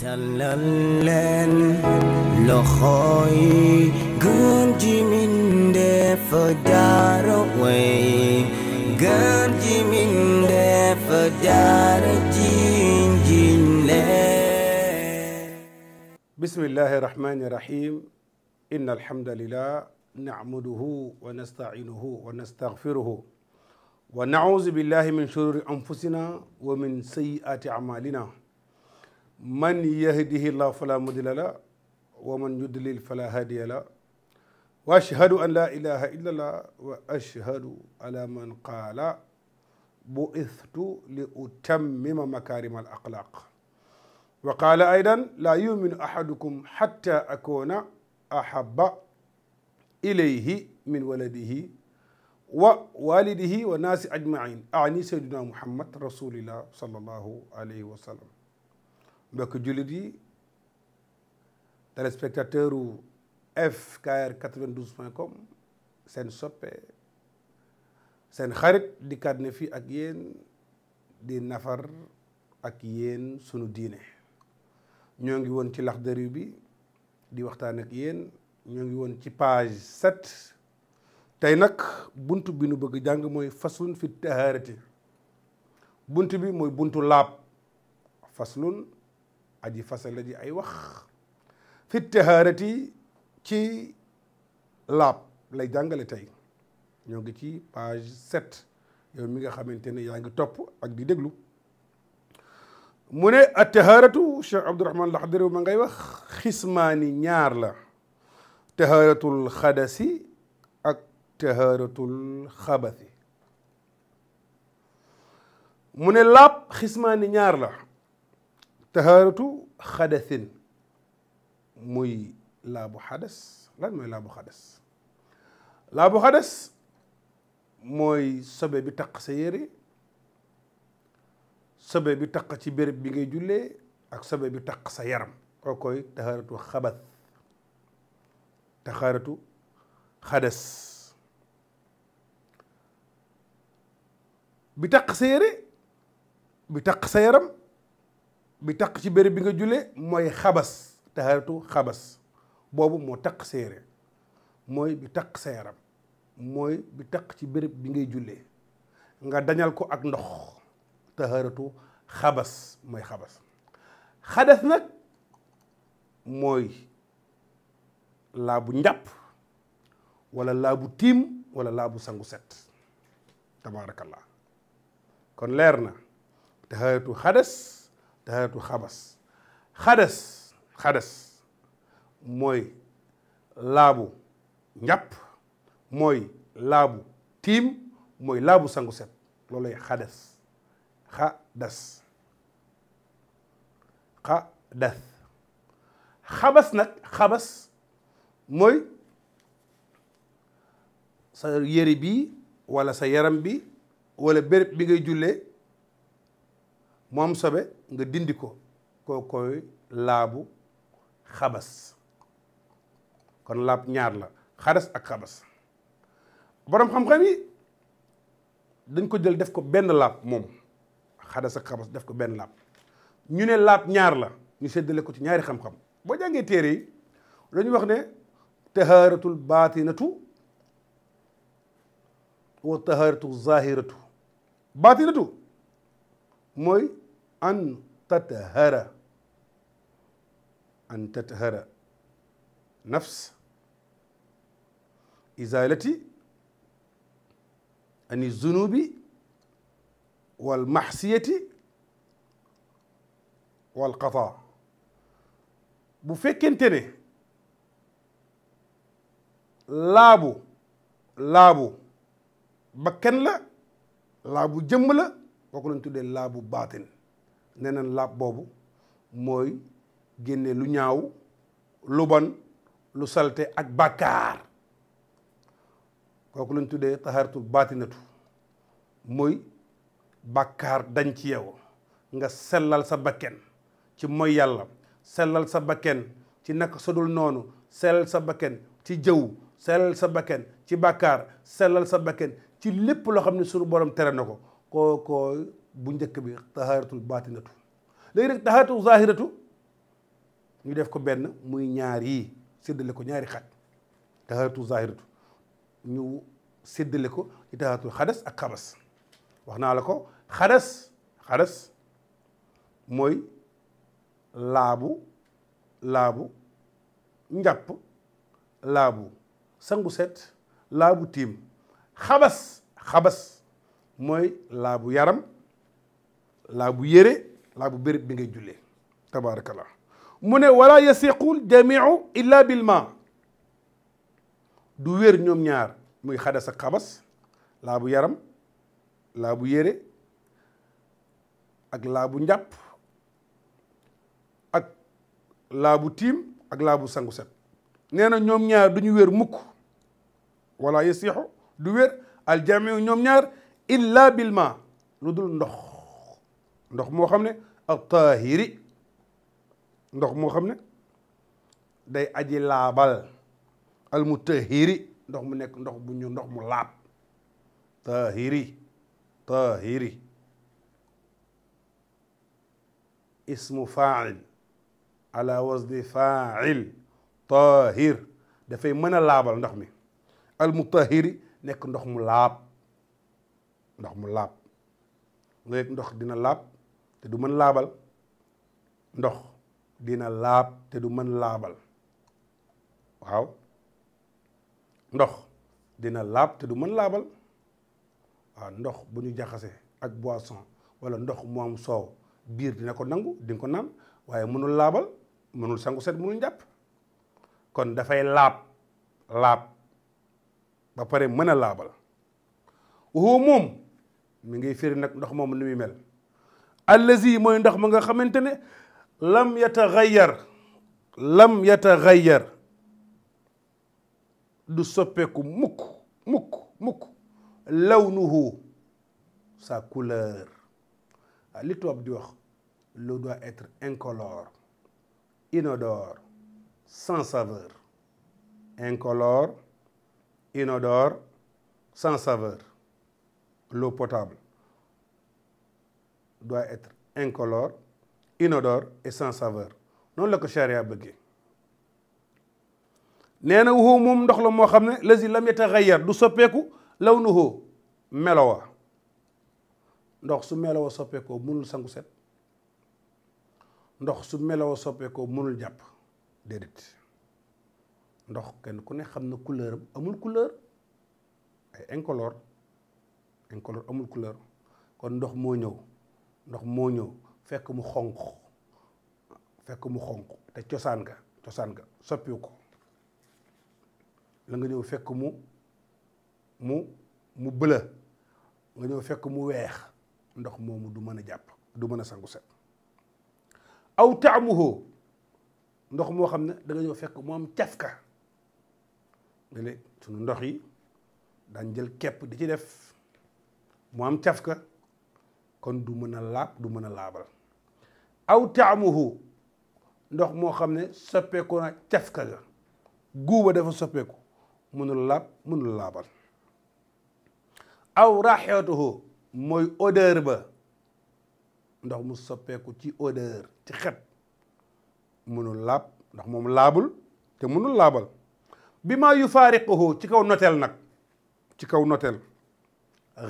tàllal leen loxo yi gën ji mindeef jaara way gën ji mindeef jaara ji njiñ leen bismillahi rahmani rahim inna alhamdulillah nacmaduhu wa nastacinuhu wa nastagfiruhu wa nacuudu billahi min shururi anfusina wa min sayyiaati acmaalina man yahdihi llahu fala mudilla la wa man yudlil fala hadiya la wa ashhadu an la ilaha illa allah wa ashhadu ala man qaala bu'istu li utammima makarim al axlaq wa qaala aydan laa yuminu ahadukum xatta akoona ahaba ilayhi min waladihi wa walidihi wa naasi ajmain ani sayduna muhammad rasulillah sallallahu alayhi wa sallam mbokk jullit yi téléspectateur u fkr 92 point com seen soppe seen xarit di kat ne fii ak yéen di nafar ak yéen sunu diine ñoo ngi woon ci Laxdari bi di waxtaan ak yéen ñoo ngi woon ci page 7 tey nag bunt bi nu bëgg jàng mooy faslun fi taharati bunt bi mooy buntu laab faslun aji fasala ji ay wax fi taharati ci laab la jàngale tey ñoo ngi ci page sept yow mi nga xamante ne yaa ngi topp ak di déglu mu ne a taharatu cheikh abdourahman laxdari ma ngay wax xismaani ñaar la taharatul xadasi ak taharatul xabasi mu ne laab xismaani ñaar la tahaaratu xadasin muy laabu xadas lan mooy laabu xadas laabu xadas mooy sobe bi taq sa yére sobe bi taq ci béréb bi ngay jullee ak sobe bi taq sa yaram koo koy tahaaratu xabas tahaaratu xadas bi taq sa yére bi taq sa yaram bi taq ci béréb bi nga julee mooy xabas taharatu xabas boobu moo taq sa mooy bi taq sa mooy bi taq ci béréb bi ngay jullee nga dañal ko ak ndox taharatu xabas mooy xabas xades nag mooy laabu njàpp wala laabu tiim wala laabu sangu set tabaarakallah kon leer na taharatu xadas taxaratu xabas xadas xadas mooy laabu njàpp mooy laabu tiim mooy laabu sangu set loolay xadas xadas xadas xabas nag xabas mooy sa yëre bi walla sa yaram bi wala béréb bi ngay jullee moom sobe nga dindi ko koo laabu xabas kon laab ñaar la xadas ak xabas borom xam-xam yi dañ ko jël def ko benn laab moom xadas ak xabas def ko benn laab ñu ne laab ñaar la ñu séddale ko ci ñaari xam-xam boo jàngee téere yi dañu wax ne tahaaratul baatinatu wa tahaaratu zahiratu baatinatu mooy an tathara an tathara nafs izalati ani zunubi wal maxsiyati wal qata bu fekkente ne laabu laabu bakkan la laabu jëmm la kooku lañ tuddee laabu baatin nee nañ laab boobu mooy génne lu ñaaw lu bon lu salte ak bàkkaar kooku lañ tuddee taxaratul baatinatu mooy bàkkaar dañ ci yow nga sellal sa bakken ci mooy yàlla sellal sa bakken ci naka sodul noonu sellal sa bakken ci jëw sellal sa bakken ci bàkkaar sellal sa bakken ci lépp loo xam ne suñu borom tere na ko kookoo bu njëkk bi tahaaratul baatinatu léegi nag tahaaratu zahiratu ñu def ko benn muy ñaari yi séddale ko ñaari xat tahaaratu zahiratu ñu séddale ko ci tahaaratul xadas ak xabas wax naa la ko xadas xadas mooy laabu laabu njàpp laabu sangu set laabu tiim xabas xabas mooy laabu yaram laa yére laa bu béréb bi ngay jullee tabaarakallah mu ne wala yasiqul jamiu illa bil du wér ñoom ñaar muy xadas ak kabas laa yaram laa yére ak laa bu njàpp ak laa tiim ak laa bu sangu set nee ñoom ñaar du ñu wér mukk wala yasiixu du wér aljamiu ñoom ñaar illa bil lu dul ndox ndox moo xam ne ak taahiri ndox moo xam ne day aji laabal al mu ndox mu nekk ndox bu ñu ndox mu laab taahiri taahiri ismu fail ala wazni fail taahir dafay mën a laabal ndox mi al nekk ndox mu laab ndox mu laab léegi ndox dina laab te du mën laabal ndox dina laab te du mën laabal waaw ndox dina laab te du mën laabal waaw ndox bu ñu jaxase ak boisson wala ndox mu soow biir dina ko nangu di ko naan waaye mënul laabal mënul sangu set mënul njàpp kon dafay laab laab ba pare mën a laabal woo moom mi ngi firi nag ndox moom ni muy mel allazi mooy ndox ma nga xamante ne lam yataxayyar lam yataxayyar du soppeeku mukk law mukk lawnuhu sa couleur ah li tubaab di wax l'eau doit être incolore inodore sans saveur incolore inodore sans saveur l'eau potable doit être incolor inodore et sans saveur noonu la ko charia bëggee nee na wuxu moom ndox la moo xam ne lazi lam yar du soppeeku law nuhu melowa ndox su melowa soppeekoo mënul sangu set ndox su melowa soppeekoo mënul jàpp déedéet ndox kenn ku ne xam na couleur am amul couleur ay incolore incolore amul couleur kon ndox moo ñëw ndox moo ñëw fekk mu xonq fekk mu xonq te cosaan ga cosaan ga soppiwu ko la nga ñëw fekk mu mu mu bëla nga ñëw fekk mu weex ndox moomu du mën a jàpp du mën a sangu set aw taamuhu ndox moo xam ne da ñëw fekk mu am cafka su léeg ndox yi daan jël kepp di ci def mu am cafka kon du mën a laab du mën a laabal aw taamuhu ndox moo xam ne soppeeku na cafka ga guuba dafa soppeeku mënul laab mënul laabal aw raxeetuhu mooy odeur ba ndox mu soppeeku ci odeur ci xet mënul laab ndax moom laabul te mënul laabal bi ma yu maa yufaariquhu ci kaw noteel nag ci kaw noteel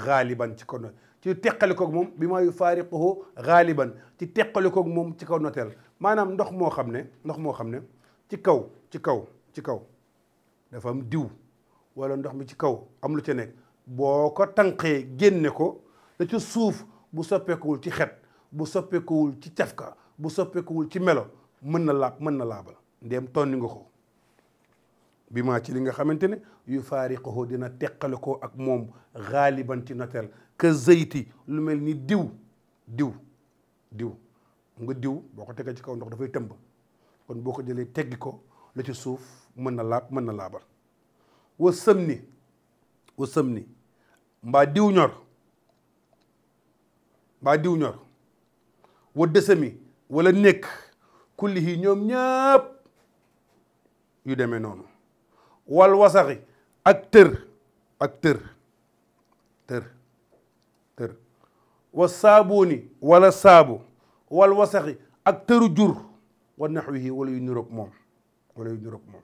xaaliban ci kaw noteel ci teqalikoog moom bi ma yufaariquhu xaaliban ci teqalikoog moom ci kaw noteel maanaam ndox moo xam ne ndox moo xam ne ci kaw ci kaw ci kaw dafa am diw wala ndox mi ci kaw am lu ca nekk boo ko tànqee génne ko la ca suuf bu soppeekuwul ci xet bu soppeekuwul ci cafka bu soppeekuwul ci melo mën na laab mën na laabal ndéem tonni nga ko bi ma ci li nga xamante ne yu faariqahu dina teqale ko ak moom xaaliban ci noteel ka zayti lu mel ni diw diw diw nga diw boo ko tegee ci kaw ndox dafay tëmb kon boo ko jëlee teggi ko la ci suuf mën na laab mën na laabal wa sëm ni wa sëm ni mba diw ñor mbaa diw ñor wa dësami wala nekk kulli yi ñoom ñëpp yu deme noonu wal wasaxi ak tër ak tër tër tër wa saabooni wala saabu wal wasaxi ak tëru jur wa naxwihi wala yu niroog moom wala yu niroog moom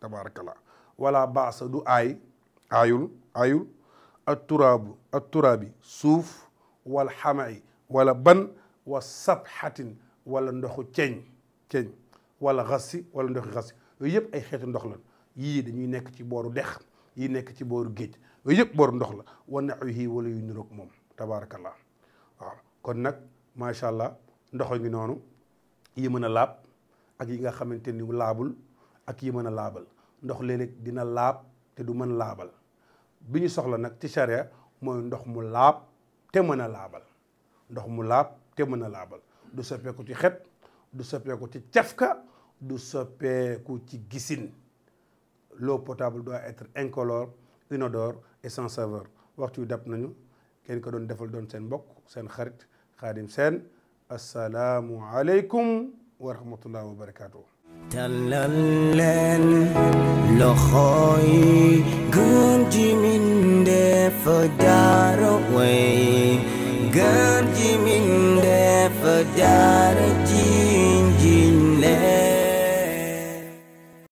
tabaarakallah wala baasa du aay aayul aayul ak turaabu ak turaabi suuf wal xamay wala ban wa sabxatin wala ndoxu ceeñ ceeñ wala xassi wala ndoxu xassi yooyu yëpp ay xeetu ndox lan yii dañuy nekk ci booru dex yii nekk ci booru géej yooyu yëpp bor ndox la wa naxwihi wala yu niroog moom tabaarakallah waaw kon nag macha allah ndox ngi noonu yi mën a laab ak yi nga xamante ni laabul ak yi mën a laabal ndox léeg-léeg dina laab te du mën laabal bi ñu soxla nag ci mooy ndox mu laab te mën a laabal ndox mu laab te mën a laabal du soppeeku ci xet du soppeeku ci cafka du soppeeku ci gisin l'eau potable doit être incolore inodore et sans saveur waxtu yu dab nañu kenn ko doon defal doon seen mbokk seen xarit xaadim seen asalaamu aleykum wa rahmatullah wa barakaatu. tàllal leen loxo yi gën